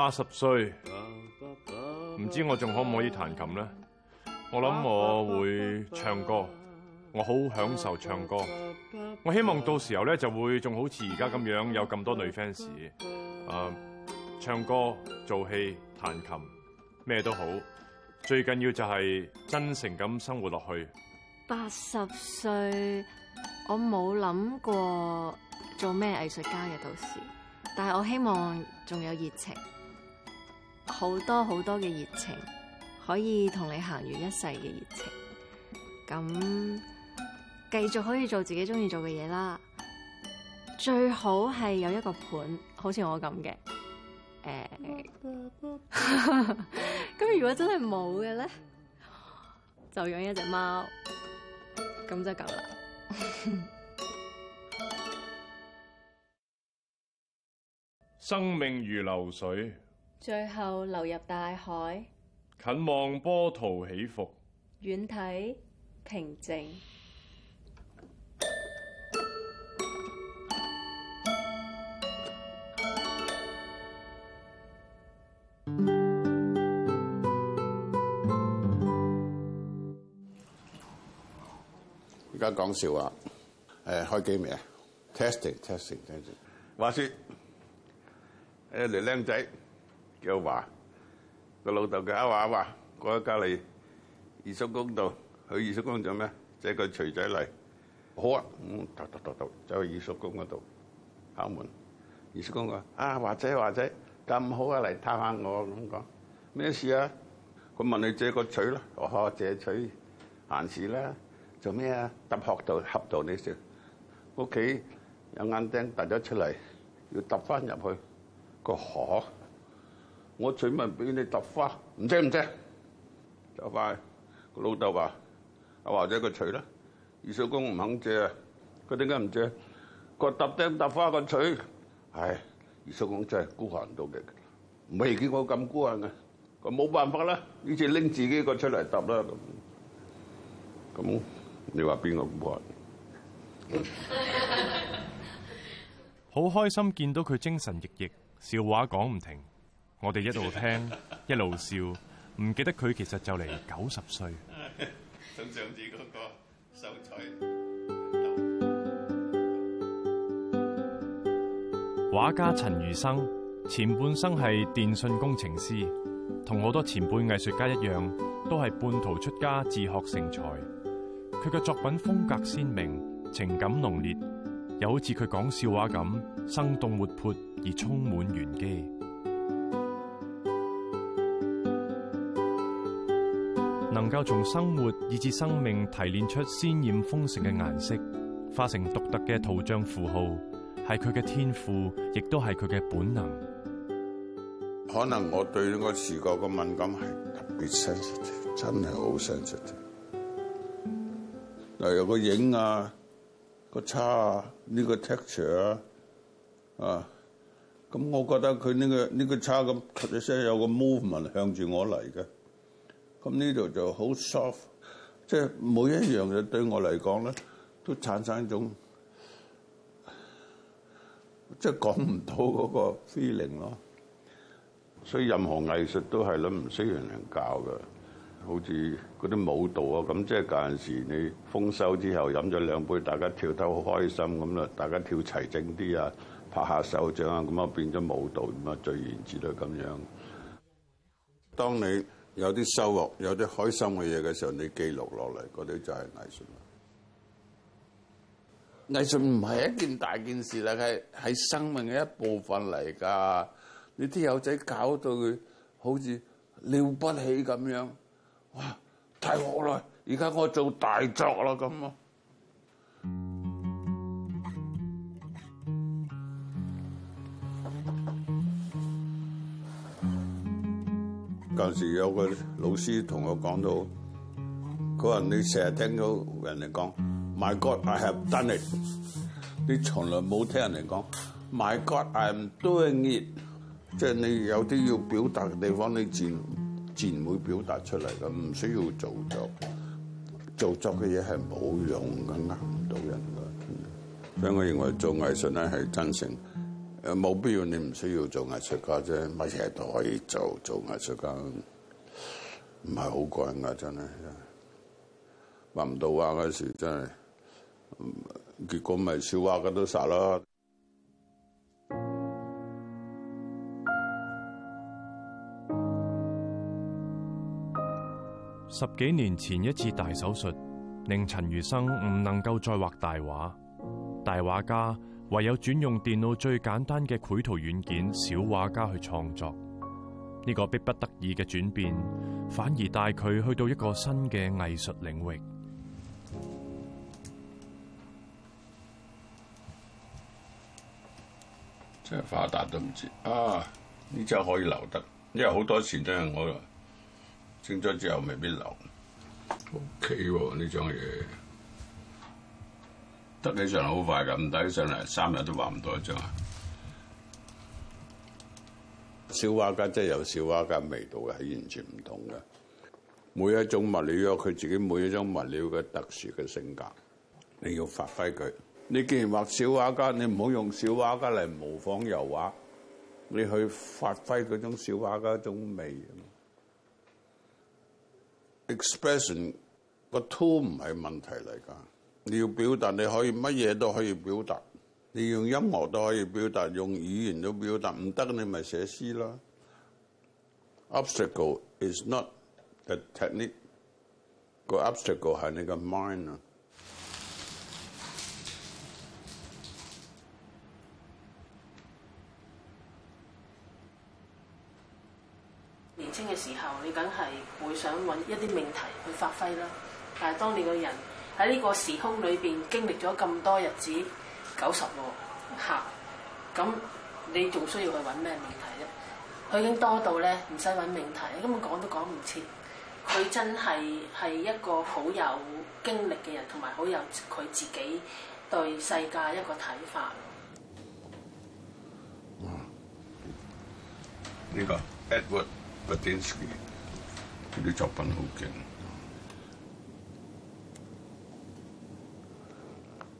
八十歲唔知我仲可唔可以彈琴咧？我諗我會唱歌，我好享受唱歌。我希望到時候咧就會仲好似而家咁樣有咁多女 fans。誒、呃，唱歌、做戲、彈琴，咩都好，最緊要就係真誠咁生活落去。八十歲，我冇諗過做咩藝術家嘅到時，但係我希望仲有熱情。好多好多嘅熱情，可以同你行完一世嘅熱情，咁繼續可以做自己中意做嘅嘢啦。最好係有一個伴，好似我咁嘅，誒、哎，咁 如果真係冇嘅咧，就養一隻貓，咁就夠啦。 生命如流水。最後流入大海。近望波濤起伏，遠睇平靜。而家講笑話，誒，開機未啊？Testing，testing，testing。話說，誒，你靚仔。叫話個老豆，嘅阿話阿話過喺隔離二叔公度，去二叔公做咩借個錘仔嚟好啊？咁突突突突走去二叔公嗰度敲門。二叔公話：啊，華仔華仔，咁好啊，嚟探下我咁講咩事啊？佢問你借個槌啦。啊，我借槌閒事啦，做咩啊？揼殼度恰到你食屋企有眼釘凸咗出嚟，要揼翻入去個殼。我取問俾你揼花，唔借唔借走快。個老豆話，阿華仔個取啦，二叔公唔肯借。佢點解唔借？個揼釘揼花個取，唉，二叔公真係孤寒到極，未見過咁孤寒嘅。佢冇辦法啦，呢次拎自己個出嚟揼啦。咁，你話邊個孤寒？好開心見到佢精神奕奕，笑話講唔停。我哋一路聽一路笑，唔 記得佢其實就嚟九十歲。欣賞住嗰個手彩。畫家陳餘生，前半生係電信工程師，同好多前輩藝術家一樣，都係半途出家，自學成才。佢嘅作品風格鮮明，情感濃烈，又好似佢講笑話咁，生動活潑而充滿玄機。能夠從生活以至生命提煉出鮮艷豐盛嘅顏色，化成獨特嘅圖像符號，係佢嘅天賦，亦都係佢嘅本能。可能我對呢個視覺嘅敏感係特別 sensitive，真係好 sensitive。嗱，有個影啊，個叉啊，呢個 texture 啊，啊，咁我覺得佢呢個呢個叉咁突然之間有個 movement 向住我嚟嘅。咁呢度就好 soft，即係每一樣嘢對我嚟講咧，都產生一種即係講唔到嗰個 feeling 咯。所以任何藝術都係咧，唔需要人教㗎。好似嗰啲舞蹈啊，咁即係有陣時你豐收之後飲咗兩杯，大家跳得好開心咁啦，大家跳齊整啲啊，拍下手掌啊，咁啊變咗舞蹈咁啊，最原始都咁樣。當你有啲收穫，有啲開心嘅嘢嘅時候，你記錄落嚟，嗰啲就係藝術啦。藝術唔係一件大件事啦，係係生命嘅一部分嚟㗎。你啲友仔搞到佢好似了不起咁樣，哇！太好啦！而家我做大作啦咁啊！當時有個老師同我講到，佢話你成日聽到人嚟講 My God I have done it，你從來冇聽人嚟講 My God I am doing it，即係你有啲要表達嘅地方，你自自然會表達出嚟嘅，唔需要做作，做作嘅嘢係冇用嘅，啱唔到人嘅。所以，我認為做藝術咧係真誠。誒冇必要，你唔需要做藝術家啫，乜嘢都可以做。做藝術家唔係好過癮真啦，畫唔到畫嗰時真係，結果咪笑話咁都殺咯。十幾年前一次大手術，令陳餘生唔能夠再畫大畫，大畫家。唯有轉用電腦最簡單嘅繪圖軟件小畫家去創作，呢個逼不得已嘅轉變，反而帶佢去到一個新嘅藝術領域。真係發達都唔知啊！呢張可以留得，因為好多錢都係我清咗之後未必留。OK，呢張嘢。得起上嚟好快噶，唔得起上嚟三日都話唔到一張啊！小畫家真係有小畫家味道嘅，係完全唔同嘅。每一種物料佢，自己每一種物料嘅特殊嘅性格，你要發揮佢。你既然畫小畫家，你唔好用小畫家嚟模仿油畫，你去發揮嗰種小畫家一種味。Expression 個 too 唔係問題嚟㗎。你要表達，你可以乜嘢都可以表達，你用音樂都可以表達，用語言都表達，唔得你咪寫詩咯。Obstacle is not the technique，個 obstacle 係你個 mind。年輕嘅時候，你梗係會想搵一啲命題去發揮啦，但係當你個人，喺呢個時空裏邊經歷咗咁多日子，九十個客，咁你仲需要去揾咩命題咧？佢已經多到咧，唔使揾命題，根本講都講唔切。佢真係係一個好有經歷嘅人，同埋好有佢自己對世界一個睇法。呢、嗯這個 Edward Butinsky，佢作品好勁。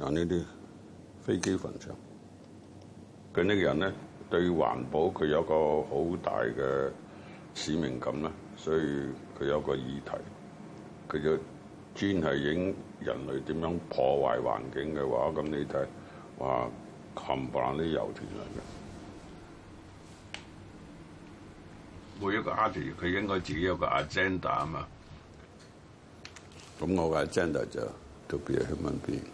嗱，呢啲飛機墳場，佢呢個人咧，對環保佢有一個好大嘅使命感啦，所以佢有一個議題，佢就專係影人類點樣破壞環境嘅話，咁你睇話冚唪唥啲油田嚟嘅。每一個 artist 佢應該自己有個 agenda 啊嘛，咁我個 agenda 就都係 human being。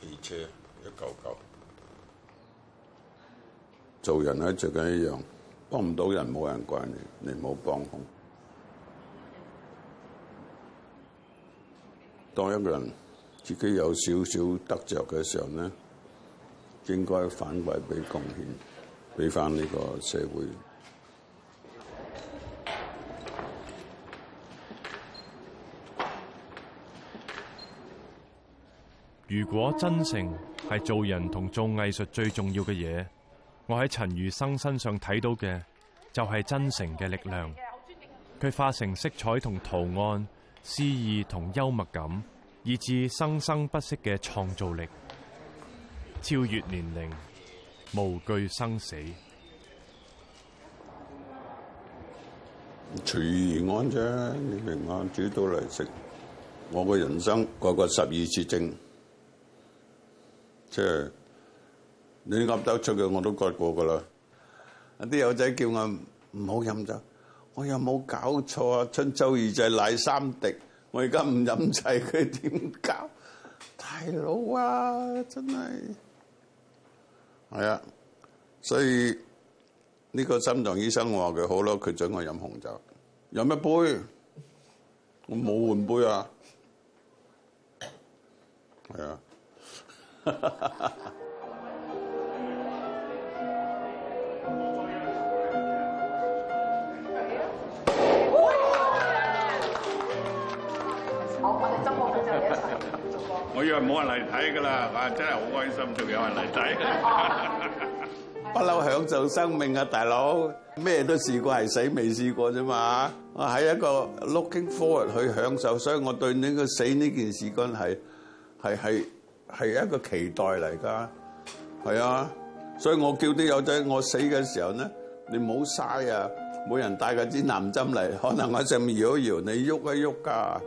汽車一嚿嚿，做人呢，就緊一樣，幫唔到人，冇人怪你，你冇幫忙。當一個人自己有少少得着嘅時候呢，應該反饋俾貢獻，俾翻呢個社會。如果真誠係做人同做藝術最重要嘅嘢，我喺陳餘生身上睇到嘅就係真誠嘅力量。佢化成色彩同圖案，詩意同幽默感，以至生生不息嘅創造力，超越年齡，無懼生死。隨遇而安啫，你明晚煮到嚟食，我嘅人生過過十二次蒸。即係你噏得出嘅我都割過噶啦，啲友仔叫我唔好飲酒，我又冇搞錯啊！春秋二仔奶三滴，我而家唔飲齊佢點搞？大佬啊，真係係啊，所以呢個心臟醫生話佢好咯，佢准我飲紅酒，飲一杯，我冇換杯啊，係啊。哈哈哈！我我哋周末就一齊做過。我以為冇人嚟睇噶啦，啊，真係好開心，仲有人嚟睇。不 嬲享受生命啊，大佬！咩都試過係死，未試過啫嘛。我喺一個 looking forward 去享受，所以我對呢個死呢件事關係，係係。係一個期待嚟㗎，係啊，所以我叫啲友仔，我死嘅時候咧，你唔好嘥啊，冇人帶個指南針嚟，可能我上面搖一搖，你喐一喐㗎，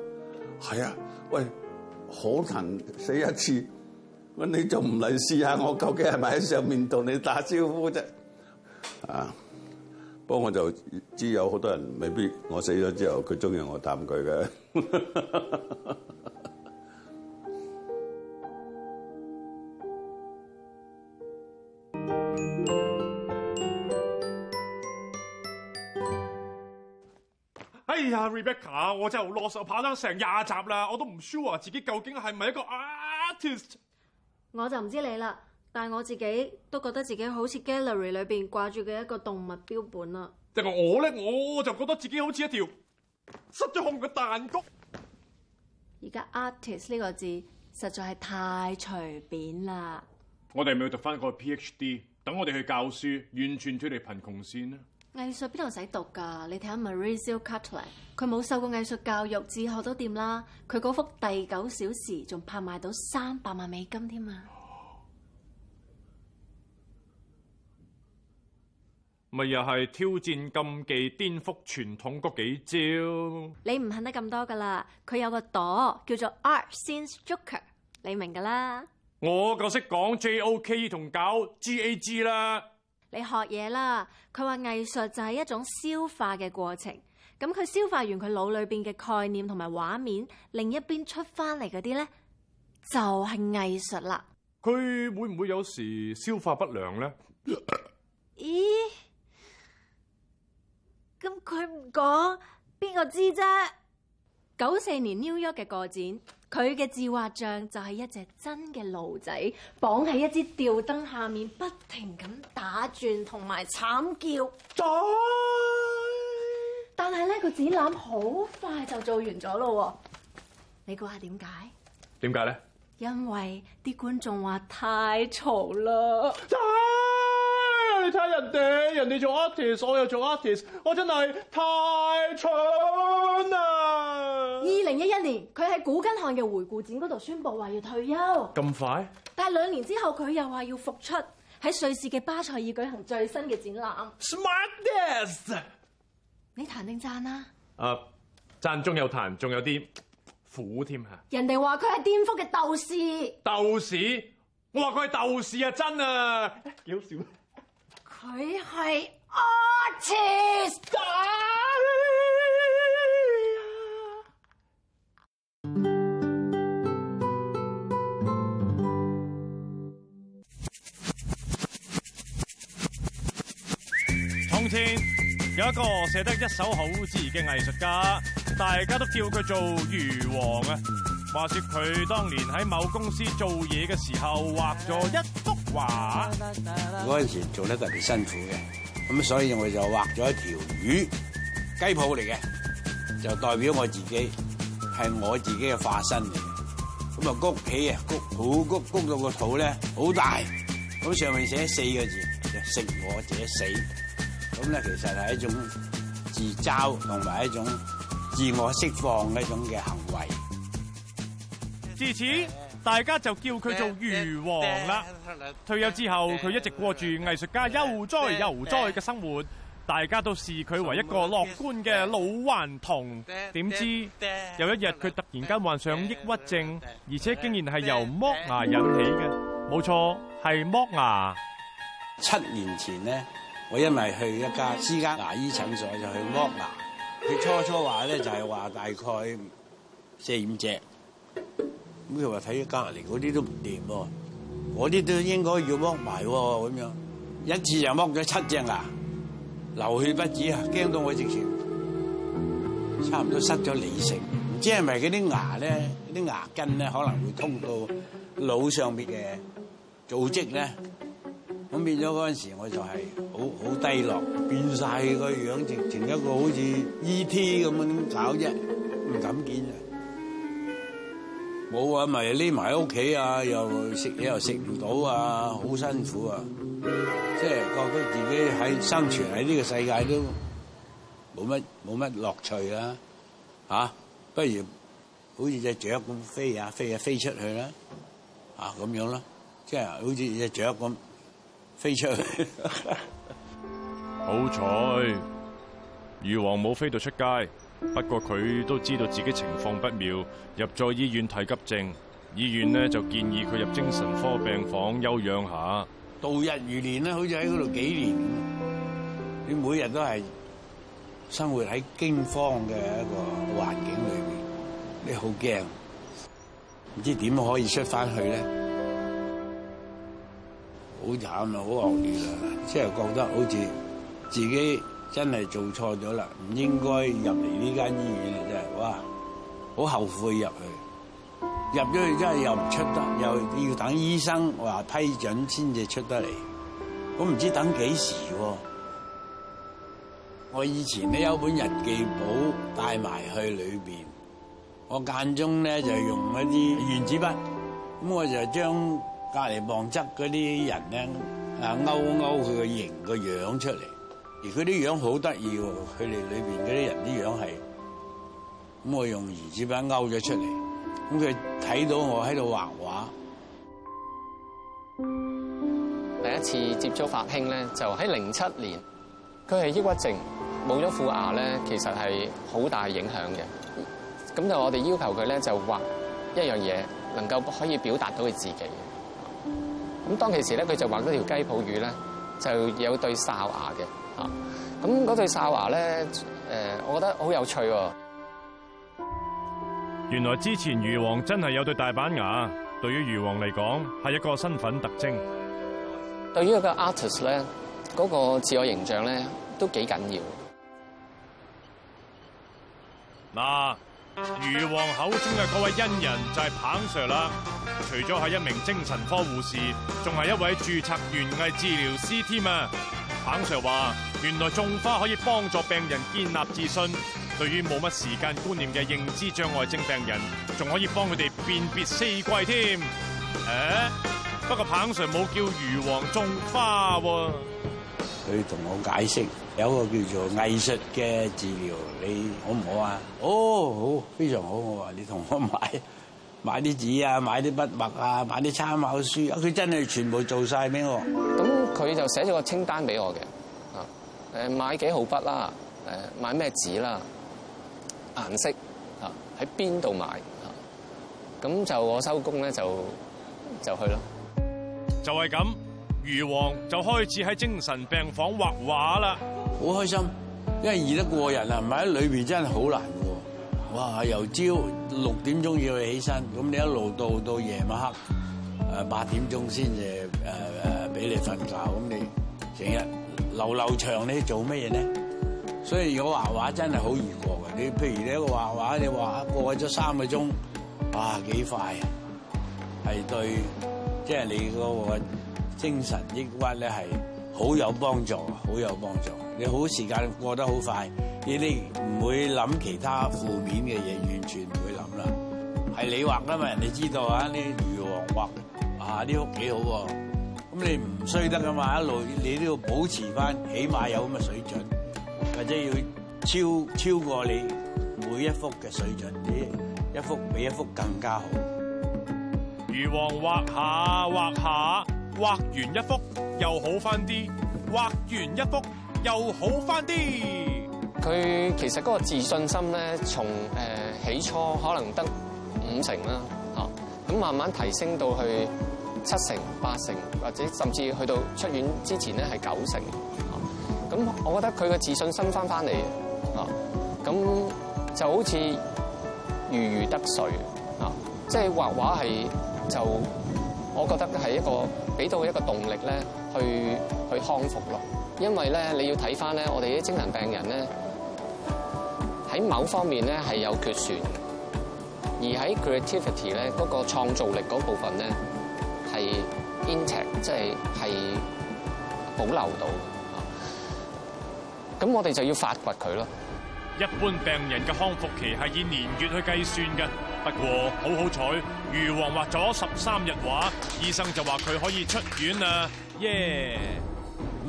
係啊，喂，可能死一次，我你仲唔嚟試下，我究竟係咪喺上面同你打招呼啫？啊，不過我就知有好多人未必，我死咗之後，佢中意我探佢嘅。 就落手拍咗成廿集啦，我都唔 sure 自己究竟係咪一個 artist。我就唔知你啦，但係我自己都覺得自己好似 gallery 裏邊掛住嘅一個動物標本啊。啦。就我咧，我就覺得自己好似一條失咗控嘅蛋糕。而家 artist 呢個字實在係太隨便啦。我哋咪要讀翻個 PhD，等我哋去教書，完全脫離貧窮綫啦。藝術邊度使讀噶？你睇下 Maurizio Cattelan 佢冇受過藝術教育，自學都掂啦。佢嗰幅第九小時仲拍賣到三百萬美金添啊！咪又係挑戰禁忌、顛覆傳統嗰幾招。你唔肯得咁多噶啦，佢有個朵叫做 Art Scene Joker，你明噶啦。我就識講 J O K 同搞 G A G 啦。你學嘢啦，佢話藝術就係一種消化嘅過程，咁佢消化完佢腦裏邊嘅概念同埋畫面，另一邊出翻嚟嗰啲咧就係藝術啦。佢會唔會有時消化不良咧？咦，咁佢唔講，邊個知啫？九四年 New York 嘅個展。佢嘅自畫像就係一隻真嘅鹿仔，綁喺一枝吊燈下面，不停咁打轉同埋慘叫。再但係呢個展覽好快就做完咗咯。你估下點解？點解咧？因為啲觀眾話太嘈啦。睇人哋人哋做 artist，我又做 artist，我真係太蠢啦！二零一一年佢喺古根漢嘅回顧展嗰度宣布話要退休。咁快？但係兩年之後佢又話要復出喺瑞士嘅巴塞爾舉行最新嘅展覽。Smartass，你彈定讚啊？誒，讚中有彈，仲有啲苦添吓。人哋話佢係顛覆嘅鬥士，鬥士，我話佢係斗士啊，真啊，幾好笑。佢係 artist 啊！從前有一個寫得一手好字嘅藝術家，大家都叫佢做魚王啊。話說佢當年喺某公司做嘢嘅時候，畫咗一。哇！嗰陣時做得特別辛苦嘅，咁所以我就畫咗一條魚，雞泡嚟嘅，就代表我自己係我自己嘅化身嚟嘅。咁啊，谷起啊，谷好谷谷到個肚咧，好大。咁上面寫四個字：就「食我者死」。咁咧其實係一種自嘲同埋一種自我釋放嘅一種嘅行為。至此。大家就叫佢做魚王啦。退休之後，佢一直過住藝術家悠哉悠哉嘅生活。大家都視佢為一個樂觀嘅老頑童。點知有一日，佢突然間患上抑鬱症，而且竟然係由剝牙引起嘅。冇錯，係剝牙。七年前呢，我因為去一家私家牙醫診所就去剝牙。佢初初話呢就係話大概四五隻。咁佢話睇咗隔離嗰啲都唔掂喎，我啲都應該要剝埋喎，咁樣一次就剝咗七隻牙，流血不止啊，驚到我直情差唔多失咗理性，唔知係咪嗰啲牙咧，嗰啲牙根咧可能會通到腦上邊嘅組織咧，咁變咗嗰陣時我就係好好低落，變曬個樣直情一個好似 E.T. 咁樣搞啫，唔敢見啫。冇啊，咪匿埋喺屋企啊，又食嘢又食唔到啊，好辛苦啊！即係覺得自己喺生存喺呢個世界都冇乜冇乜樂趣啦，嚇、啊！不如好似隻雀咁飛啊飛下飛出去啦，啊咁樣啦。即係好似隻雀咁飛出去。啊、好彩，魚王冇飛到出街。不過佢都知道自己情況不妙，入咗醫院睇急症，醫院咧就建議佢入精神科病房休養下。度日如年，好似喺嗰度幾年，你每日都係生活喺驚慌嘅一個環境裏邊，你好驚，唔知點可以出翻去咧，好慘啊，好惡劣啊，即係覺得好似自己。真係做錯咗啦，唔應該入嚟呢間醫院啊！真係，哇，好後悔入去，入咗去真係又唔出得，又要等醫生話批准先至出得嚟。我唔知等幾時喎、啊。我以前呢有本日記簿帶埋去裏邊，我間中咧就用一啲原子筆，咁我就將隔離望側嗰啲人咧，啊勾勾佢個形個樣出嚟。而佢啲樣好得意喎，佢哋裏邊嗰啲人啲樣係咁，我用鉛子板勾咗出嚟。咁佢睇到我喺度畫畫，第一次接觸發興咧，就喺零七年。佢係抑鬱症，冇咗副牙咧，其實係好大影響嘅。咁就我哋要求佢咧，就畫一樣嘢能夠可以表達到佢自己。咁當其時咧，佢就畫咗條雞泡魚咧，就有對哨牙嘅。咁嗰對哨牙咧，誒，我覺得好有趣喎。原來之前魚王真係有對大板牙，對於魚王嚟講係一個身份特徵。對於一個 artist 咧，嗰、那個自我形象咧都幾緊要。嗱，魚王口中嘅嗰位恩人就係彭 Sir 啦。除咗係一名精神科護士，仲係一位註冊園藝治療師添啊。彭 Sir 話。原來種花可以幫助病人建立自信，對於冇乜時間觀念嘅認知障礙症病人，仲可以幫佢哋辨別四季添，誒。不過彭 Sir 冇叫魚王種花喎。佢同我解釋有個叫做藝術嘅治療，你好唔好啊？哦，好，非常好。我話你同我買買啲紙啊，買啲筆墨啊，買啲參考書。佢真係全部做晒俾我。咁佢就寫咗個清單俾我嘅。誒買幾號筆啦？誒買咩紙啦？顏色喺邊度買嚇？咁就我收工咧就就去咯。就係咁，魚王就開始喺精神病房畫畫啦，好開心，因為易得過人啊！唔係裏面，真係好難喎。哇，由朝六點鐘要起身，咁你一路到到夜晚黑八點鐘先至誒誒俾你瞓覺，咁你成日。流流長你做乜嘢咧？所以如果畫畫真係好娛樂嘅，你譬如你一個畫畫，你畫過咗三個鐘，啊，幾快啊！係對，即、就、係、是、你嗰個精神抑鬱咧係好有幫助，好有幫助。你好時間過得好快，你哋唔會諗其他負面嘅嘢，完全唔會諗啦。係你畫噶嘛，人哋知道啊，呢魚王畫啊呢屋幾好喎。咁你唔衰得㗎嘛？一路你都要保持翻，起碼有咁嘅水準，或者要超超過你每一幅嘅水準，啲一幅比一幅更加好。魚王畫下畫下，畫完一幅又好翻啲，畫完一幅又好翻啲。佢其實嗰個自信心咧，從、呃、起初可能得五成啦，吓，咁慢慢提升到去。七成、八成，或者甚至去到出院之前咧，係九成。咁我覺得佢嘅自信心翻翻嚟啊，咁就好似如魚得水啊！即係畫畫，係就我覺得係一個俾到一個動力咧，去去康復咯。因為咧，你要睇翻咧，我哋啲精神病人咧喺某方面咧係有缺損，而喺 creativity 咧嗰個創造力嗰部分咧。係 intact，即係係保留到，咁我哋就要發掘佢咯。一般病人嘅康復期係以年月去計算嘅，不過好好彩，魚王畫咗十三日畫，醫生就話佢可以出院啦，耶！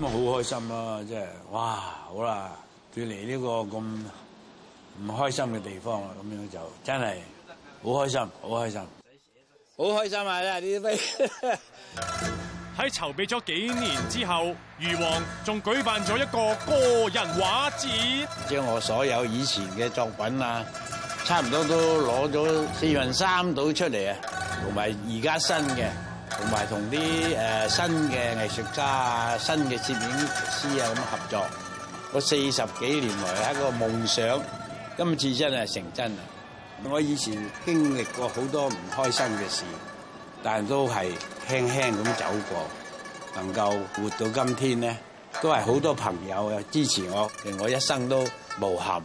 咁啊好開心啊，即係哇好啦，脫離呢個咁唔開心嘅地方啊，咁樣就真係好開心，好開心。好開心啊！呢啲飛喺籌備咗幾年之後，魚王仲舉辦咗一個個人畫展，將我所有以前嘅作品啊，差唔多都攞咗四分三到出嚟，啊，同埋而家新嘅，同埋同啲誒新嘅藝術家啊、新嘅攝影師啊咁合作，我四十幾年來一個夢想，今次真係成真啦！我以前經歷過好多唔開心嘅事，但都係輕輕咁走過，能夠活到今天咧，都係好多朋友啊支持我，令我一生都無憾。